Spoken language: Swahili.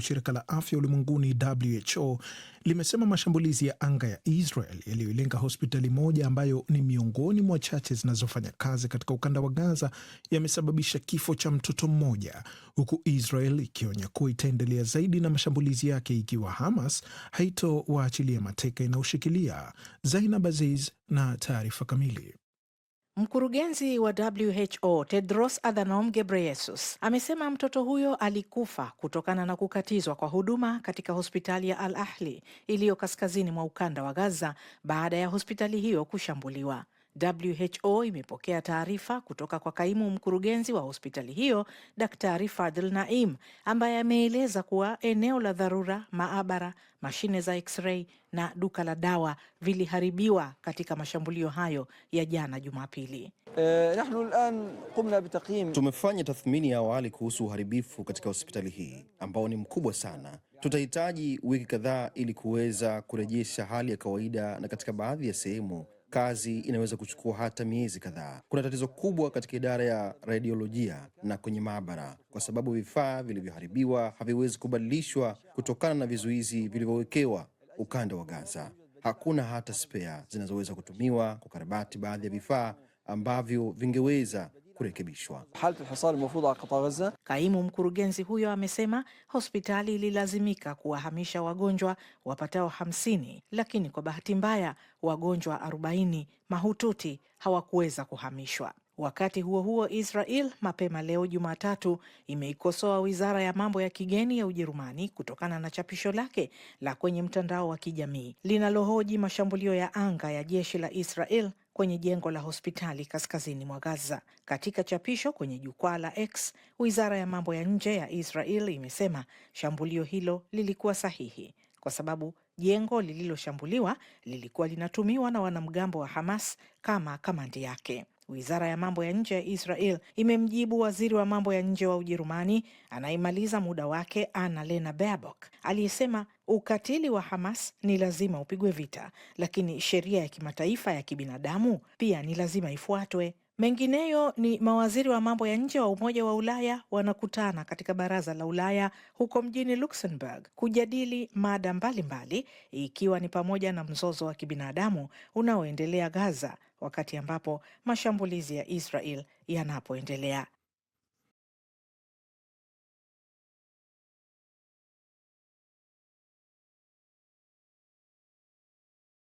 Shirika la Afya Ulimwenguni WHO limesema mashambulizi ya anga ya Israel yaliyolenga hospitali moja ambayo ni miongoni mwa chache zinazofanya kazi katika ukanda wa Gaza yamesababisha kifo cha mtoto mmoja, huku Israel ikionya kuwa itaendelea zaidi na mashambulizi yake ikiwa Hamas haitowaachilia mateka inayoshikilia. Zainab Aziz na taarifa kamili. Mkurugenzi wa WHO Tedros Adhanom Ghebreyesus amesema mtoto huyo alikufa kutokana na kukatizwa kwa huduma katika hospitali ya Al Ahli iliyo kaskazini mwa ukanda wa Gaza baada ya hospitali hiyo kushambuliwa. WHO imepokea taarifa kutoka kwa kaimu mkurugenzi wa hospitali hiyo Daktari Fadhil Naim ambaye ameeleza kuwa eneo la dharura, maabara, mashine za x-ray na duka la dawa viliharibiwa katika mashambulio hayo ya jana Jumapili. Eh, Tumefanya tathmini ya awali kuhusu uharibifu katika hospitali hii ambao ni mkubwa sana. Tutahitaji wiki kadhaa ili kuweza kurejesha hali ya kawaida, na katika baadhi ya sehemu kazi inaweza kuchukua hata miezi kadhaa. Kuna tatizo kubwa katika idara ya radiolojia na kwenye maabara, kwa sababu vifaa vilivyoharibiwa haviwezi kubadilishwa kutokana na vizuizi vilivyowekewa ukanda wa Gaza. Hakuna hata spea zinazoweza kutumiwa kukarabati baadhi ya vifaa ambavyo vingeweza kurekebishwa. Kaimu mkurugenzi huyo amesema hospitali ililazimika kuwahamisha wagonjwa wapatao hamsini, lakini kwa bahati mbaya wagonjwa arobaini mahututi hawakuweza kuhamishwa. Wakati huo huo, Israel mapema leo Jumatatu imeikosoa wizara ya mambo ya kigeni ya Ujerumani kutokana na chapisho lake la kwenye mtandao wa kijamii linalohoji mashambulio ya anga ya jeshi la Israel kwenye jengo la hospitali kaskazini mwa Gaza. Katika chapisho kwenye jukwaa la X, wizara ya mambo ya nje ya Israel imesema shambulio hilo lilikuwa sahihi kwa sababu jengo lililoshambuliwa lilikuwa linatumiwa na wanamgambo wa Hamas kama kamandi yake. Wizara ya mambo ya nje ya Israel imemjibu waziri wa mambo ya nje wa Ujerumani anayemaliza muda wake Annalena Baerbock aliyesema Ukatili wa Hamas ni lazima upigwe vita, lakini sheria ya kimataifa ya kibinadamu pia ni lazima ifuatwe. Mengineyo ni mawaziri wa mambo ya nje wa Umoja wa Ulaya wanakutana katika Baraza la Ulaya huko mjini Luxembourg kujadili mada mbalimbali mbali, ikiwa ni pamoja na mzozo wa kibinadamu unaoendelea Gaza, wakati ambapo mashambulizi ya Israel yanapoendelea.